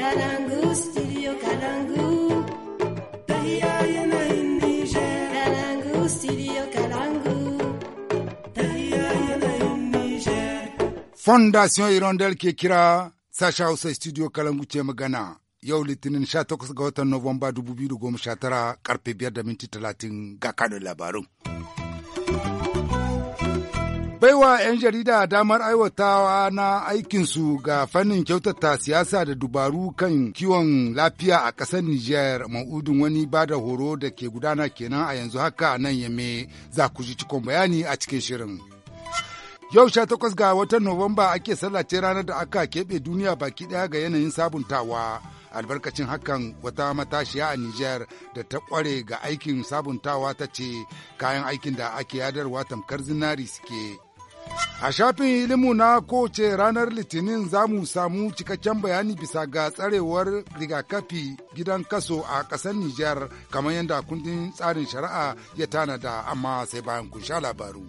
Kalangu, studio Kalangu. Tahiya yanayin Nijar. studio Kalangu. Tahiya yanayin Nijar. Fondation Hirondelle ke kira osa Hausa Studio Kalangu ce magana. Yau Litinin 18 ga watan Nuwamba 2019 karfe 5 da minti 30 ga kanin labarun. Baiwa 'yan jarida damar aiwatawa na aikinsu ga fannin kyautata siyasa da dubaru kan kiwon lafiya a ƙasar Nijar ma'udin wani ba da horo da ke gudana kenan a yanzu haka a nan yame za ku ji cikon bayani a cikin shirin. Yau sha takwas ga watan Nuwamba ake sallace ranar da aka keɓe duniya baki ɗaya ga yanayin sabuntawa. albarkacin hakan wata matashiya a Nijar da ta kware ga aikin sabuntawa ta ce kayan aikin da ake yadarwa tamkar zinari suke. A shafin ilimu na kowace ranar Litinin za mu samu cikakken bayani bisa ga tsarewar rigakafi gidan kaso a ƙasar Nijar kamar yadda kundin tsarin shari'a ya tanada amma sai bayan kun sha labaru.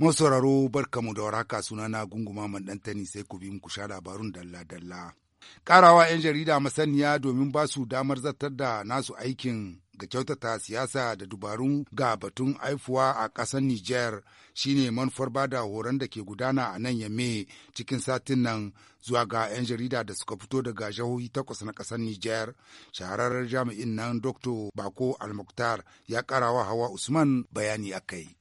Masauraro barkamu da waraka na gunguma mandantani sai ku bi mu sha labarun dalla-dalla. Ƙarawa 'yan jarida masaniya domin ba su damar zartar da nasu aikin. ga kyautata siyasa da dubarun ga batun haifuwa a ƙasar Nijar shine manufar bada horon da ke gudana a nan yamme cikin satin nan zuwa ga 'yan jarida da suka fito daga jihohi takwas na ƙasar Nijar. Shahararren jami'in nan Dr. Bako Almuktar ya wa Hawa Usman bayani akai.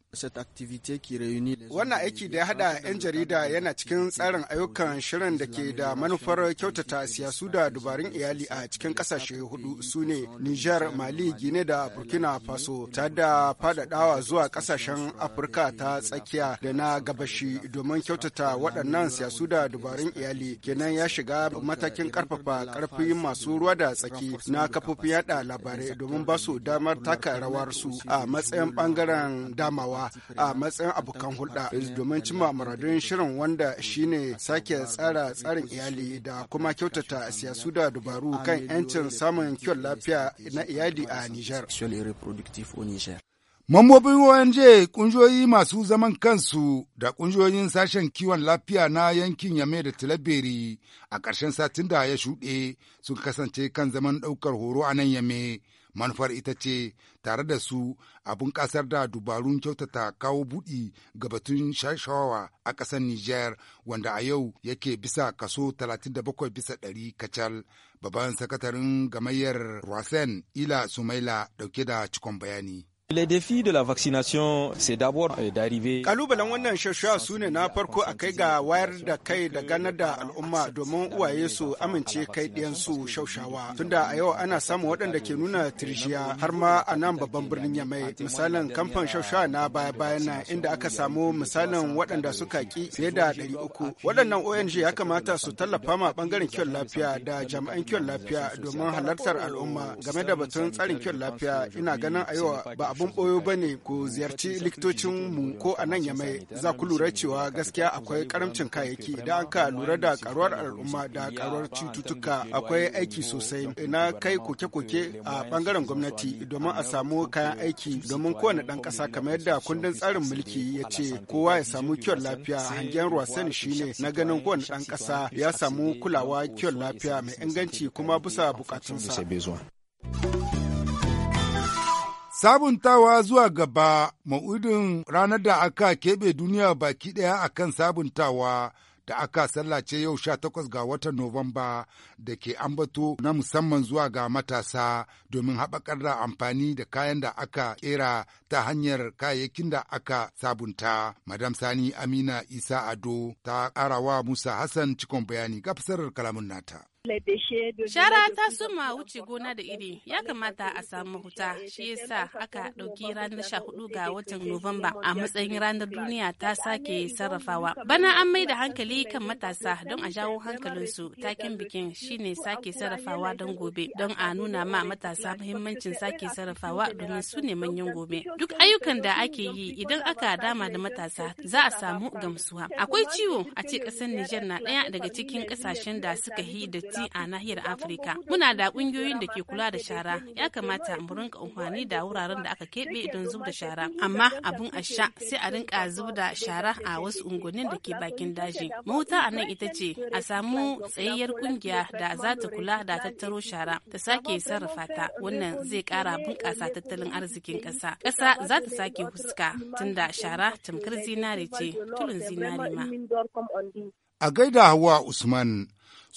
Wannan aiki da ya haɗa 'yan jarida yana cikin tsarin ayyukan shirin da ke da manufar kyautata siyasu da dubarun iyali a cikin kasashe hudu su ne Nijar, Mali, Gine da Burkina Faso, ta da faɗaɗawa zuwa ƙasashen Afirka ta tsakiya da na gabashi domin kyautata waɗannan siyasu da dubarun iyali. Kenan ya shiga matakin ƙarfafa ƙarfi masu ruwa da tsaki na kafofin yaɗa labarai domin ba su damar taka rawar su a matsayin ɓangaren damawa. a matsayin abokan hulɗa domin cimma muradun shirin wanda shine sake tsara tsarin iyali da kuma kyautata siyasu da dubaru kan 'yancin samun kyau lafiya na iyali a Nijar. Mambobin ONG kungiyoyi masu zaman kansu da kungiyoyin sashen kiwon lafiya na yankin Yame da Tilaberi a ƙarshen satin da ya shuɗe sun kasance kan zaman ɗaukar horo a nan Yame manufar ita ce tare da su a bunƙasar da dubarun kyautata kawo buɗi ga batun shashawa a ƙasar Nijar wanda a yau yake bisa kaso 37 bisa ɗari kacal. Babban sakataren gamayyar Rasen Ila Sumaila ɗauke da cikon bayani. la euh, Kalubalen wannan shasha su ne na farko a kai ga wayar da kai da ganar da al'umma domin uwaye su amince kai ɗiyansu shaushawa. Tunda a yau ana samun waɗanda ke nuna tirjiya har ma a nan babban birnin Yamai. Misalin kamfan shaushawa na baya bayan nan inda aka samu misalin waɗanda suka ki fiye da ɗari uku. Waɗannan ONG ya kamata su tallafa ma ɓangaren kiwon lafiya da jami'an kiwon lafiya domin halartar al'umma game da batun tsarin kiwon lafiya ina ganin a yau ba abin ɓoyo ba ne ku ziyarci likitocin mu ko a nan yamai za ku lura cewa gaskiya akwai karamcin kayayyaki da an ka lura da karuwar al'umma da karuwar cututtuka akwai aiki sosai na kai koke-koke a bangaren gwamnati domin a samu kayan aiki domin kowane ɗan kasa kamar yadda kundin tsarin mulki ya ce kowa ya samu kyau lafiya hangen ruwasan sani shine na ganin kowane ɗan kasa ya samu kulawa kyau lafiya mai inganci kuma bisa bukatunsa. Sabuntawa zuwa gaba ma'udin ranar da aka keɓe duniya baki ɗaya a kan sabuntawa da aka sallace yau 18 ga watan Nuwamba da ke ambato na musamman zuwa ga matasa domin haɓakar da amfani da kayan da aka ƙera ta hanyar kayayyakin da aka sabunta. Madam Sani Amina Isa Ado ta ƙarawa Musa Hassan cikon bayani ga fasarar kalamun nata. Shara ta suma wuce gona da iri ya kamata a samu huta shi yasa aka ɗauki ranar sha hudu ga watan Nuwamba a matsayin ranar duniya ta sake sarrafawa. Bana an mai da hankali kan matasa don a jawo hankalinsu takin bikin shine sake sarrafawa don gobe don a nuna ma matasa muhimmancin sake sarrafawa domin su ne manyan gobe. Duk ayyukan da ake yi idan aka dama da matasa za a samu gamsuwa. Akwai ciwo a ce ƙasar Nijar na ɗaya daga cikin kasashen da suka yi da datti a nahiyar Afirka. Muna da ƙungiyoyin da ke kula da shara. Ya kamata mu rinka amfani da wuraren da aka keɓe don zub da shara. Amma abun a sha sai a rinka zub da shara a wasu unguwannin da ke bakin daji. Mahuta a nan ita ce a samu tsayayyar ƙungiya da za ta kula da tattaro shara ta sake sarrafa ta wannan zai ƙara bunƙasa tattalin arzikin ƙasa. Ƙasa za ta sake huska tunda shara tamkar zinare ce tulun zinare ma. A gaida Hawa Usman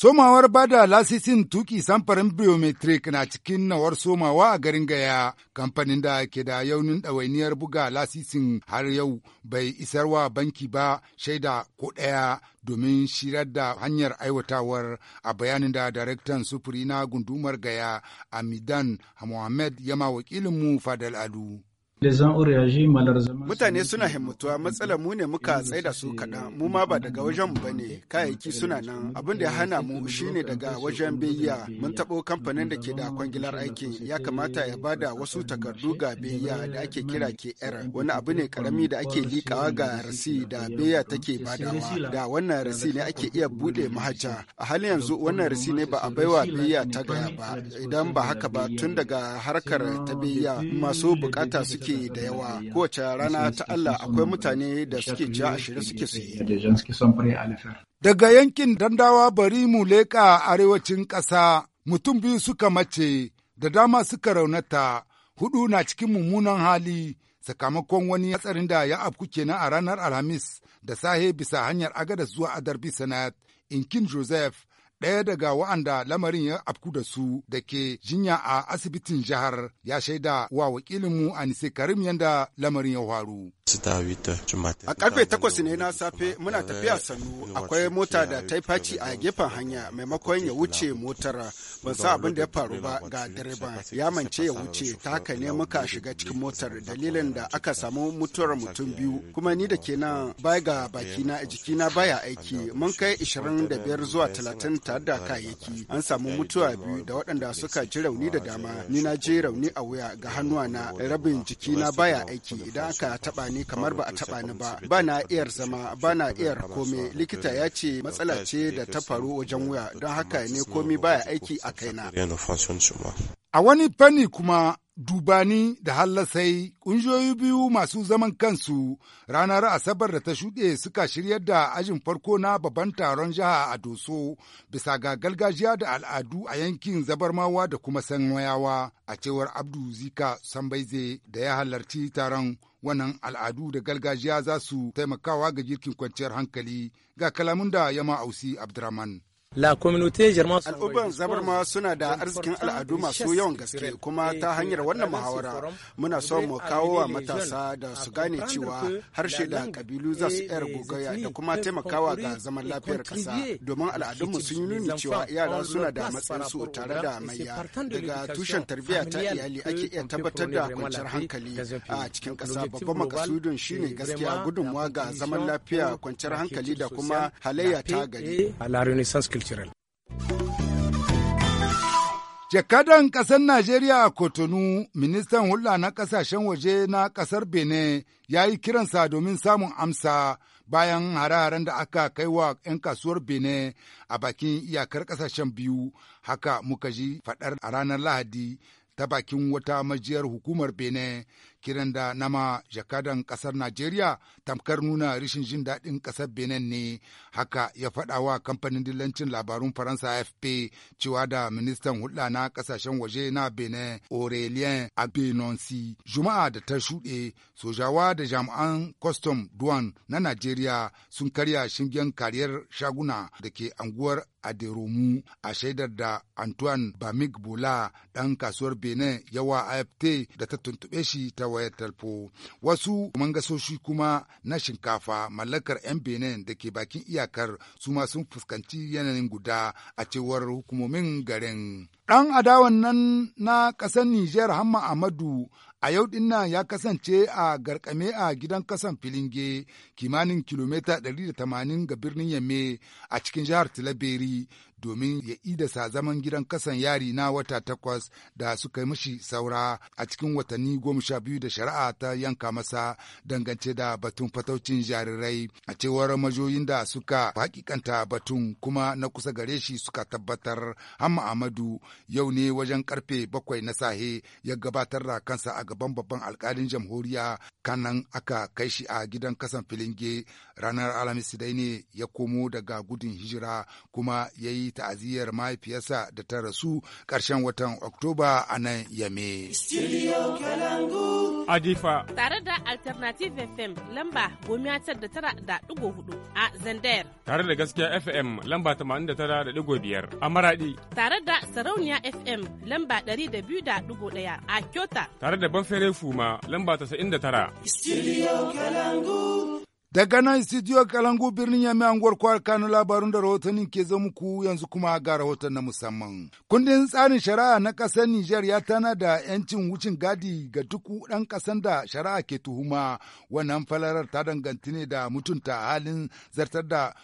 Somawar bada lasisin tuki samfarin biometric na cikin nawar somawa a garin Gaya, kamfanin da ke da yaunin ɗawainiyar buga lasisin har yau bai isarwa banki ba shaida ko ɗaya domin shirar da hanyar aiwatawar a bayanin da daraktan sufuri na gundumar Gaya Amidan Mohamed yama wakilinmu Fadal Alu. Mutane suna himmatuwa Matsala mu ne muka da su kaɗan mu ma ba daga wajen mu bane kayayyaki suna nan abin da ya hana mu shine daga wajen biyya mun taɓo kamfanin da ke da kwangilar aiki. ya kamata ya bada wasu takardu ga biyya da ake kira ke KR wani abu ne karami da ake likawa ga rasi da biyya take badawa da wannan rasi ne ake iya buɗe mahaja a halin yanzu wannan rasi ne ba a baiwa biyya ta gaya ba idan ba haka ba tun daga harkar ta biyya masu bukata suke suke da yawa kowace rana ta Allah akwai mutane da suke ja a shirye suke Daga yankin dandawa bari mu leƙa arewacin ƙasa mutum biyu suka mace da dama suka raunata hudu na cikin mummunan hali sakamakon wani hatsarin da ya afku kenan a ranar Alhamis da sahe bisa hanyar agada zuwa adar bisanat inkin Joseph ɗaya daga wa'anda lamarin ya afku da su da ke jinya a asibitin jihar ya shaida wa wakilinmu Anise Karim yadda lamarin ya faru. A karfe takwas ne na safe muna tafiya sannu akwai mota da ta yi faci a gefen hanya maimakon ya wuce motar ban san abin da ya faru ba ga direban ya mance ya wuce ta haka ne muka shiga cikin motar dalilin da aka samu mutuwar mutum biyu kuma ni da ke nan baya ga bakina jikina baya aiki mun kai ishirin da biyar zuwa talatin tare da kayayyaki an samu mutuwa biyu da waɗanda suka ji rauni da dama ni na je rauni a wuya ga hannuwa na rabin jiki jikina baya aiki idan aka taɓa ni ni kamar ba a taba ni ba ba na iyar zama ba na iyar komai likita ya ce matsala ce da ta faru wajen wuya don haka ne komai baya aiki a kaina a wani fanni kuma Dubani da Hallasai ƙungiyoyi biyu masu zaman kansu ranar Asabar da ta shuɗe suka shiryar da ajin farko na babban taron jiha a Doso bisa ga gargajiya da al'adu a yankin Zabarmawa da kuma Sanwayawa a cewar Abdu Zika Sambaize da ya halarci taron wannan al'adu da gargajiya za su taimakawa ga girkin kwanciyar hankali ga kalamun da Yama Ausi Abdurrahman. Al'uban zabarma suna da arzikin al'adu masu yawan gaske kuma ta hanyar wannan muhawara muna so mu kawo wa matasa da su gane cewa harshe da kabilu za su yar gogaya da kuma taimakawa ga zaman lafiyar kasa domin al'adunmu sun yi nuni cewa yara suna da matsayinsu tare da mayya daga tushen tarbiyya ta iyali ake iya tabbatar da kwanciyar hankali a cikin kasa babban makasudin shine gaskiya gudunmuwa ga zaman lafiya kwanciyar hankali da kuma halayya ta gari. cultural. Jakadan ƙasar Najeriya a Kotonu, ministan hulɗa na ƙasashen waje na ƙasar Benin ya yi kiransa domin samun amsa bayan hare-haren da aka kai wa 'yan kasuwar Benin a bakin iyakar ƙasashen biyu, haka muka ji faɗar a ranar Lahadi ta bakin wata majiyar hukumar Benin kiran da nama jakadan kasar Najeriya tamkar nuna rishin jin daɗin ƙasar Benin ne haka ya faɗa wa kamfanin dillancin labarun Faransa AFP cewa da ministan hulɗa na ƙasashen waje na Benin Aurelien Abenonsi Juma'a da ta shuɗe sojawa da jami'an custom Duwan na Najeriya sun karya shingen kariyar shaguna da ke anguwar Aderomu a shaidar da Antoine Bamig Bola ɗan kasuwar Benin yawa AFP da ta tuntuɓe shi ta wayar talfo wasu mangasoshi kuma na shinkafa mallakar 'yan benin da ke bakin iyakar su ma sun fuskanci yanayin guda a cewar hukumomin garin dan adawan nan na ƙasar niger hamma amadu a yau dinna ya kasance a garkame a gidan kasan filinge kimanin kilomita 180 ga birnin yamme a cikin jihar tilaberi domin ya idasa zaman gidan kasan yari na wata takwas da suka yi mishi saura a cikin watanni goma sha biyu da shari'a ta yanka masa dangance da batun fataucin jarirai a cewar majoyin da suka hakikanta batun kuma na kusa gare shi suka tabbatar hamma amadu yau ne wajen karfe bakwai na sahe ya gabatar da kansa a gaban babban alkalin jamhuriya kanan aka kai shi a gidan kasan filinge ranar alhamis dai ne ya komo daga gudun hijira kuma ya yi ta'aziyar mahaifiyarsa da ta rasu ƙarshen watan Oktoba a nan Yame. Studio Kalangu. Adifa. Tare da Alternative FM lamba gomiya tar da tara da ɗigo hudu a Zandayar. Tare da gaskiya FM lamba tamanin da tara da ɗigo biyar a Maraɗi. Tare da Sarauniya FM lamba ɗari da biyu da ɗigo ɗaya a Kyota. Tare da Banfere Fuma lamba tasa'in da tara. Studio Kalangu. Daga nan studio Kalangu birnin Yami anguwar kwar Kano labarun da rahotannin ke zo muku yanzu kuma ga rahoton na musamman. Kundin tsarin shari'a na ƙasar Nijar ya tana da 'yancin wucin gadi ga duk ɗan ƙasar da shari'a ke tuhuma. Wannan falarar ta danganti ne da mutunta halin zartar da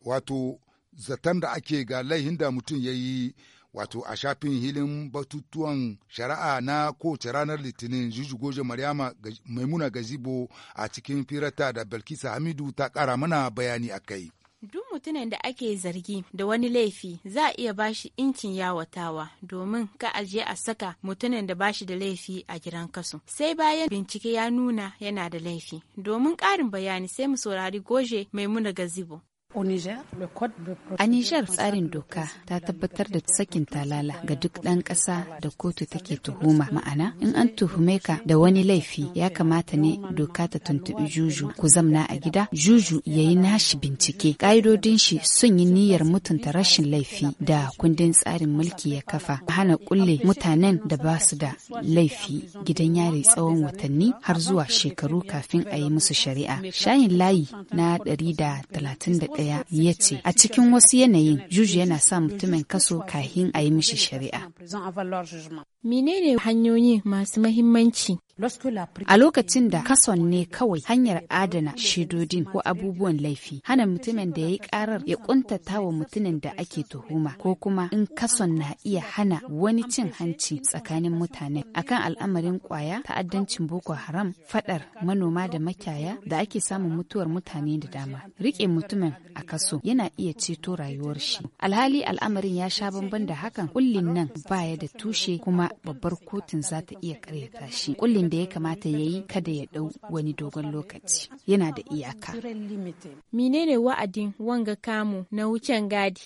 wato zaton da ake ga laihin da mutum ya yi wato a shafin hilin batutuwan shari'a na kowace ranar litinin goje maryama maimuna gazibo a cikin firata da balkisa hamidu ta kara mana bayani a kai duk mutumin da ake zargi da wani laifi za a iya bashi incin yawatawa domin ka ajiye a saka mutumin da bashi da laifi a gidan kasu sai bayan bincike ya nuna yana da laifi domin ƙarin bayani sai mu saurari goje maimuna gazibo A Nijar tsarin doka ta tabbatar da sakin talala ga duk ɗan ƙasa da kotu take tuhuma ma'ana in an tuhume ka da wani laifi ya kamata ne doka ta tuntuɓi juju ku zamna a gida juju ya yi nashi bincike ƙa'idodin shi sun yi niyyar mutunta rashin laifi da kundin tsarin mulki ya kafa hana kulle mutanen da ba su da laifi gidan yari tsawon watanni har zuwa shekaru kafin a yi musu shari'a shayin layi na ɗari da talatin da ɗaya ya ce a cikin wasu yanayin juji yana sa mutumin kaso kahin a yi mishi shari'a. Menene hanyoyi masu mahimmanci A lokacin da kason ne kawai hanyar adana shaidodin ko abubuwan laifi, hana mutumin da ya yi karar ya kuntata wa mutumin da ake tuhuma ko kuma in kason na iya hana wani cin hanci tsakanin mutane. Akan al'amarin kwaya, ta'addancin Boko Haram, fadar manoma da makyaya da ake samun mutuwar mutane da dama. Rike mutumin a kaso yana iya ceto rayuwar shi. Alhali al'amarin ya sha bamban da hakan kullin nan baya da tushe kuma babbar kotun za ta iya karyata shi. Kullin da ya kamata ya yi kada ya ɗau wani dogon lokaci yana da iyaka. Menene wa'adin wanga kamu na wucen gadi?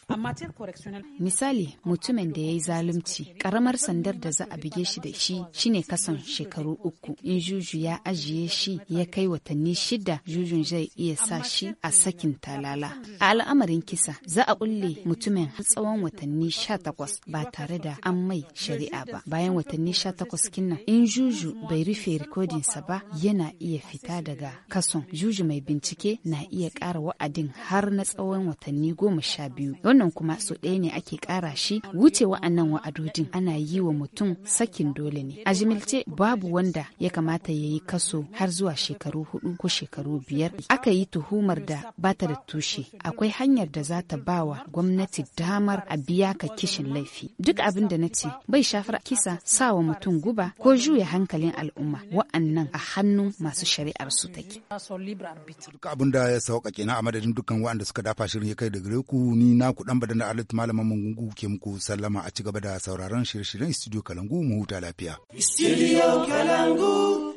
Misali mutumin da ya yi zalunci ƙaramar sandar da za a bige shi da shi shine kasan shekaru uku in juju ya ajiye shi ya kai watanni shida jujun zai iya sa shi a sakin talala. A al'amarin kisa za a kulle mutumin tsawon watanni sha takwas ba tare da an mai shari'a ba bayan watanni sha takwas kinnan in juju bai rufe rufe rikodinsa ba yana iya fita daga kason juji mai bincike na iya ƙara wa'adin har na tsawon watanni goma sha biyu wannan kuma so ɗaya ne ake ƙara shi wuce wa'annan wa'adodin ana yi wa mutum sakin dole ne a jimilce babu wanda ya kamata ya yi kaso har zuwa shekaru hudu ko shekaru biyar aka yi tuhumar da bata da tushe akwai hanyar da za ta bawa gwamnati damar a biya ka kishin laifi duk abin da na ce bai shafar kisa sa wa mutum guba ko juya hankalin al'umma al'umma wa'annan a hannun masu shari'ar su take. Duk abin da ya sauka kenan a madadin dukkan wa'anda suka dafa shirin ya kai da gare ku ni na ku dan badan da Alit malaman Mungu ke muku sallama a ci gaba da sauraron shirye-shiryen Studio Kalangu mu huta lafiya. Studio Kalangu.